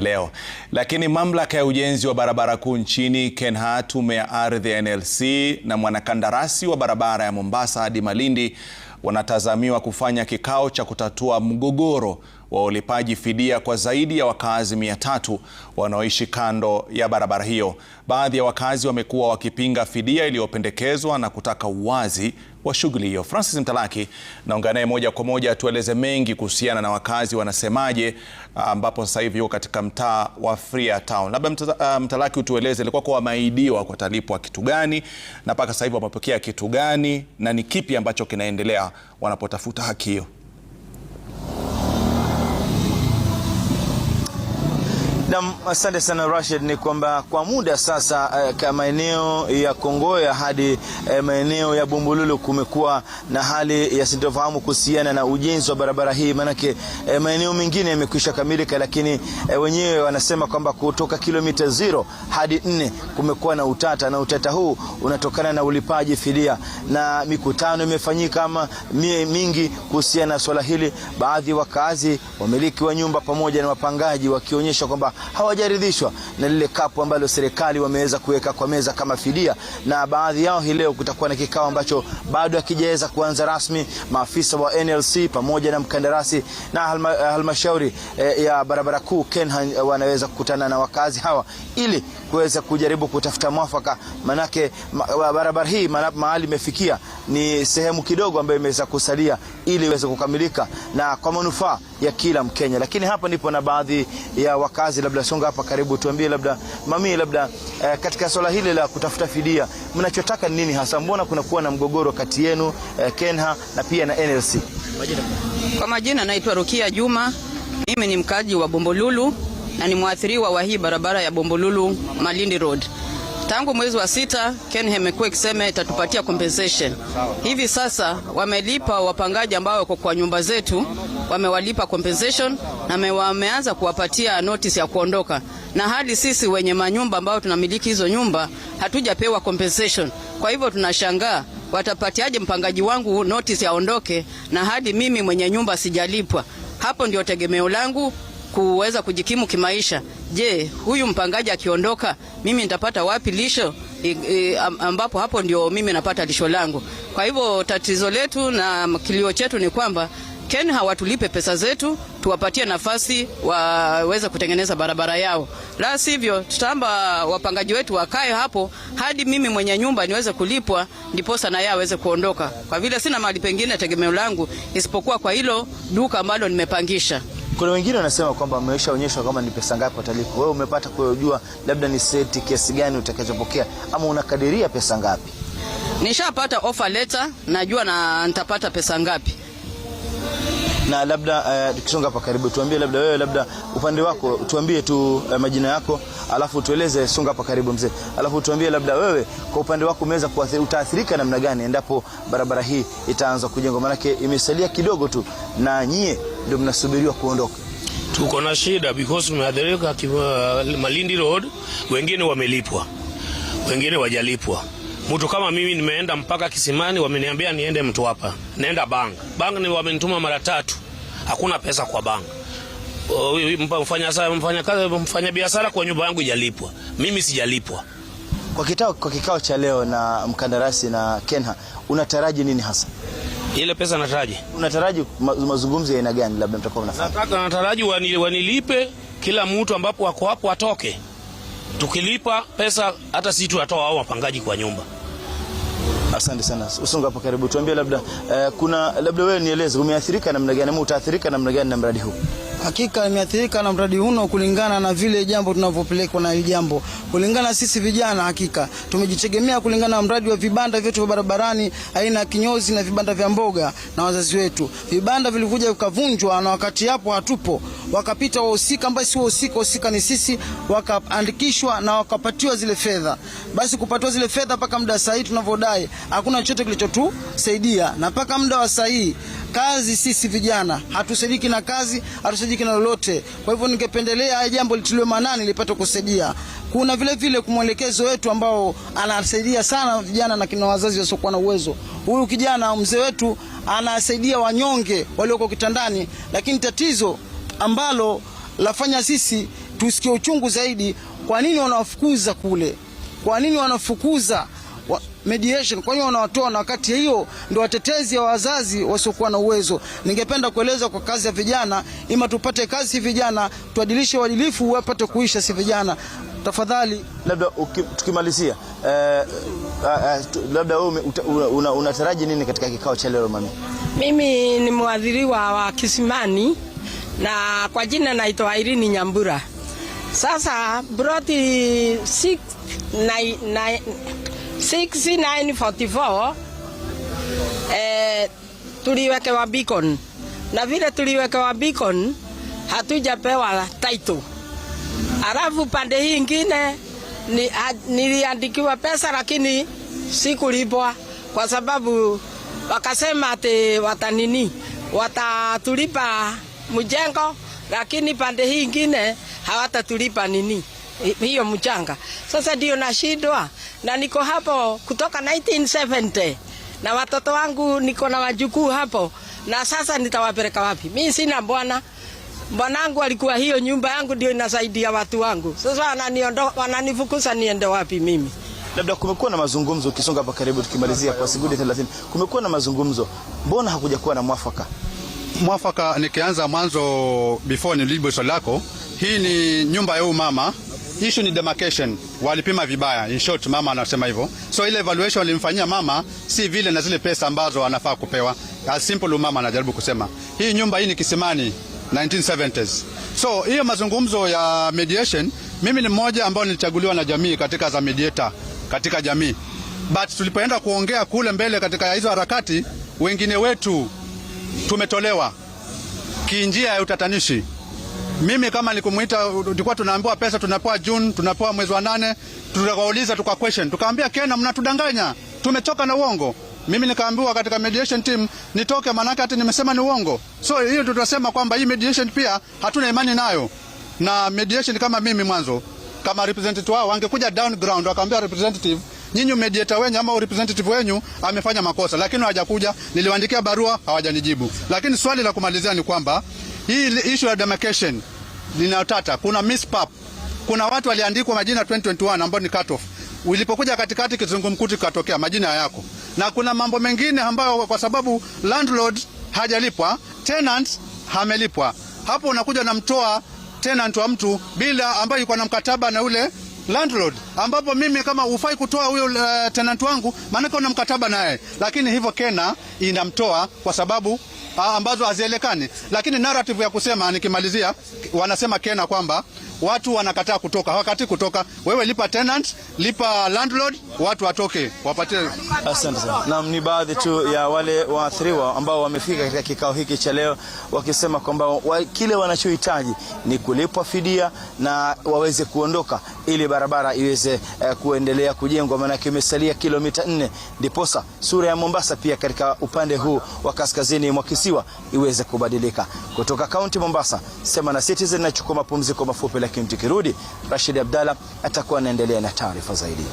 Leo. Lakini mamlaka ya ujenzi wa barabara kuu nchini KENHA, tume ya ardhi ya NLC na mwanakandarasi wa barabara ya Mombasa hadi Malindi wanatazamiwa kufanya kikao cha kutatua mgogoro wa ulipaji fidia kwa zaidi ya wakazi mia tatu wanaoishi kando ya barabara hiyo. Baadhi ya wakazi wamekuwa wakipinga fidia iliyopendekezwa na kutaka uwazi wa shughuli hiyo. Francis Mtalaki naongea naye moja kwa moja tueleze mengi kuhusiana na wakazi wanasemaje, ambapo sasa hivi yuko katika mtaa wa Free Town. Labda uh, Mtalaki, utueleze ilikuwa kwa wameahidiwa watalipwa kitu gani na mpaka sasa hivi wamepokea kitu gani na ni kipi ambacho kinaendelea wanapotafuta haki hiyo? Nam, asante sana Rashid. Ni kwamba kwa muda sasa eh, maeneo ya Kongoya hadi eh, maeneo ya Bumbululu kumekuwa na hali ya sintofahamu kuhusiana na ujenzi wa barabara hii, maanake eh, maeneo mengine yamekwisha kamilika, lakini eh, wenyewe wanasema kwamba kutoka kilomita zero hadi nne kumekuwa na utata, na utata huu unatokana na ulipaji fidia, na mikutano imefanyika ama mie mingi kuhusiana na swala hili, baadhi ya wakazi, wamiliki wa nyumba pamoja na wapangaji wakionyesha kwamba hawajaridhishwa na lile kapu ambalo serikali wameweza kuweka kwa meza kama fidia, na baadhi yao hii leo kutakuwa na kikao ambacho bado hakijaweza kuanza rasmi. Maafisa wa NLC pamoja na mkandarasi na halma, eh, halmashauri eh, ya barabara kuu Kenha eh, wanaweza kukutana na wakazi hawa ili kuweza kujaribu kutafuta mwafaka, manake ma, barabara hii mahali imefikia ni sehemu kidogo ambayo imeweza kusalia ili iweze kukamilika na kwa manufaa ya kila Mkenya, lakini hapa ndipo na baadhi ya wakazi labda songa hapa karibu, tuambie labda mami, labda eh, katika swala hili la kutafuta fidia mnachotaka nini hasa? Mbona kuna kuwa na mgogoro kati yenu eh, Kenha na pia na NLC? Kwa majina naitwa Rukia Juma, mimi ni mkaji wa Bombolulu na ni mwathiriwa wa hii barabara ya Bombolulu Malindi Road. Tangu mwezi wa sita Kenhem imekuwa ikisema itatupatia compensation. Hivi sasa wamelipa wapangaji ambao wako kwa nyumba zetu, wamewalipa compensation na wameanza kuwapatia notice ya kuondoka, na hadi sisi wenye manyumba ambao tunamiliki hizo nyumba hatujapewa compensation. Kwa hivyo tunashangaa watapatiaje mpangaji wangu notice aondoke, na hadi mimi mwenye nyumba sijalipwa. Hapo ndio tegemeo langu kuweza kujikimu kimaisha. Je, huyu mpangaji akiondoka, mimi nitapata wapi lisho I, I, ambapo hapo ndio mimi napata lisho langu. Kwa hivyo tatizo letu na kilio chetu ni kwamba KEN hawatulipe pesa zetu, tuwapatie nafasi waweze kutengeneza barabara yao, la sivyo tutaamba wapangaji wetu wakae hapo hadi mimi mwenye nyumba niweze kulipwa, ndiposa yeye aweze kuondoka, kwa vile sina mali pengine tegemeo langu isipokuwa kwa hilo duka ambalo nimepangisha. Kuna wengine wanasema kwamba ameshaonyeshwa kama ni pesa ngapi watalipa. Wewe umepata kujua labda ni seti kiasi gani utakachopokea ama unakadiria pesa ngapi? Nishapata offer letter, najua na nitapata pesa ngapi. Na labda eh, tukisonga hapa karibu, tuambie labda wewe, labda upande wako tuambie tu uh, majina yako, alafu tueleze. Songa hapa karibu mzee, alafu tuambie labda wewe kwa upande wako umeweza utaathirika namna gani endapo barabara hii itaanza kujengwa, maanake imesalia kidogo tu na nyie ndio mnasubiriwa kuondoka. Tuko na shida because tumeathirika uh, Malindi Road, wengine wamelipwa, wengine wajalipwa Mtu kama mimi nimeenda mpaka kisimani, wameniambia niende mtu hapa, naenda Banga. Banga wamenituma mara tatu, hakuna pesa kwa Banga. Oh, mfanya, sasa mfanya, kazi mfanya biashara kwa nyumba yangu ijalipwa, mimi sijalipwa. Kwa kitao kwa kikao cha leo na mkandarasi na Kenha, unataraji nini hasa? Ile pesa nataraji, unataraji mazungumzo ya aina gani? Labda mtakuwa mnafanya, nataka nataraji wanilipe kila mtu ambapo wako hapo atoke, tukilipa pesa hata sisi tutatoa au wapangaji kwa nyumba Asante sana. Usonga hapo karibu, tuambie labda eh, kuna labda wewe nieleze umeathirika namna gani au utaathirika namna gani na mradi huu? Hakika imeathirika na mradi huno kulingana na vile jambo tunavyopelekwa na hili jambo. Kulingana sisi vijana, hakika tumejitegemea kulingana na mradi wa vibanda vyetu vya barabarani, aina ya kinyozi na vibanda vya mboga na wazazi wetu. Vibanda vilikuja vikavunjwa, na wakati hapo hatupo wakapita wahusika ambao si wahusika, wahusika ni sisi, wakaandikishwa na wakapatiwa zile fedha. Basi kupatiwa zile fedha mpaka muda sahihi tunavyodai hakuna chochote kilichotusaidia, na mpaka muda wa sahihi kazi sisi vijana hatusaidiki na kazi, hatusaidiki na lolote. Kwa hivyo ningependelea haya jambo litiliwe maanani lipate kusaidia. Kuna vile vile kumwelekezo wetu ambao anasaidia sana vijana na kina wazazi wasiokuwa na uwezo. Huyu kijana mzee wetu anasaidia wanyonge walioko kitandani, lakini tatizo ambalo lafanya sisi tusikie uchungu zaidi. Kwa nini wanawafukuza kule? Kwa nini wanafukuza wa mediation? Kwa nini wanawatoa? Na wakati hiyo ndio watetezi wa wazazi wasiokuwa na uwezo. Ningependa kueleza kwa kazi ya vijana, ima tupate kazi si vijana, tuadilishe uadilifu wapate kuisha si vijana. Tafadhali labda tukimalizia, uh, uh, uh, labda wewe unataraji una, una nini katika kikao cha leo mami? Mimi ni mwadhiriwa wa Kisimani na kwa jina naitwa Irini Nyambura. Sasa broti 6944 eh, tuliwekewa beacon na vile tuliwekewa beacon hatujapewa title, alafu pande hii ingine ni, niliandikiwa pesa lakini sikulipwa kwa sababu wakasema ati watanini watatulipa mjengo, lakini pande hii ingine hawatatulipa nini hiyo mchanga. Sasa ndio nashindwa, na niko hapo kutoka 1970 na watoto wangu niko na wajukuu hapo, na sasa nitawapeleka wapi? Mi sina bwana Bwanangu alikuwa hiyo nyumba yangu ndio inasaidia watu wangu. Sasa wananiondoa, wananifukuza niende wapi mimi? Labda kumekuwa na mazungumzo, ukisonga hapa karibu, tukimalizia kwa sekunde 30, kumekuwa na mazungumzo, mbona hakuja kuwa na mwafaka? mwafaka nikianza mwanzo before nilijibu swali lako. Hii ni nyumba ya mama, issue ni demarcation, walipima vibaya. In short, mama anasema hivyo. So ile evaluation walimfanyia mama si vile na zile pesa ambazo anafaa kupewa. As simple mama anajaribu kusema. Hii nyumba hii ni Kisimani 1970s. So hiyo mazungumzo ya mediation, mimi ni mmoja ambao nilichaguliwa na jamii katika za mediator katika jamii. But tulipoenda kuongea kule mbele katika hizo harakati, wengine wetu tumetolewa kinjia ya utatanishi. Mimi kama nikumwita, tulikuwa tunaambiwa pesa tunapewa June, tunapewa mwezi wa nane, tukauliza tuka question, tukaambia Kenya, mnatudanganya, tumechoka na uongo. Mimi nikaambiwa katika mediation team nitoke, maanake hata nimesema ni uongo. So hiyo tutasema kwamba hii mediation pia hatuna imani nayo, na mediation kama mimi mwanzo, kama representative wao wangekuja down ground, wakaambia representative nyinyi mediator wenyu ama representative wenyu amefanya makosa, lakini hawajakuja. Niliwaandikia barua hawajanijibu. Lakini swali la kumalizia ni kwamba hii issue ya demarcation linatata, kuna mispap, kuna watu waliandikwa majina 2021 ambao ni cut off ulipokuja katikati kizungumkuti katokea majina yako, na kuna mambo mengine ambayo kwa sababu landlord hajalipwa, tenant hamelipwa, hapo unakuja unamtoa tenant wa mtu bila ambayo yuko na mkataba na ule landlord ambapo mimi kama hufai kutoa huyo uh, tenant wangu, maanake una mkataba naye, lakini hivyo Kena inamtoa kwa sababu uh, ambazo hazielekani, lakini narrative ya kusema nikimalizia, wanasema Kena kwamba watu wanakataa kutoka, wakati kutoka, wewe lipa tenant, lipa landlord, watu watoke wapatie. Asante sana. Naam, ni baadhi tu ya wale waathiriwa ambao wamefika katika kikao hiki cha leo wakisema kwamba wa, kile wanachohitaji ni kulipwa fidia na waweze kuondoka ili barabara iweze iweze eh, kuendelea kujengwa, maanake imesalia kilomita nne ndiposa sura ya Mombasa pia katika upande huu wa kaskazini mwa kisiwa iweze kubadilika. Kutoka kaunti Mombasa, sema na Citizen nachukua mapumziko mafupi, lakini tukirudi Rashid Abdalla atakuwa anaendelea na taarifa zaidi.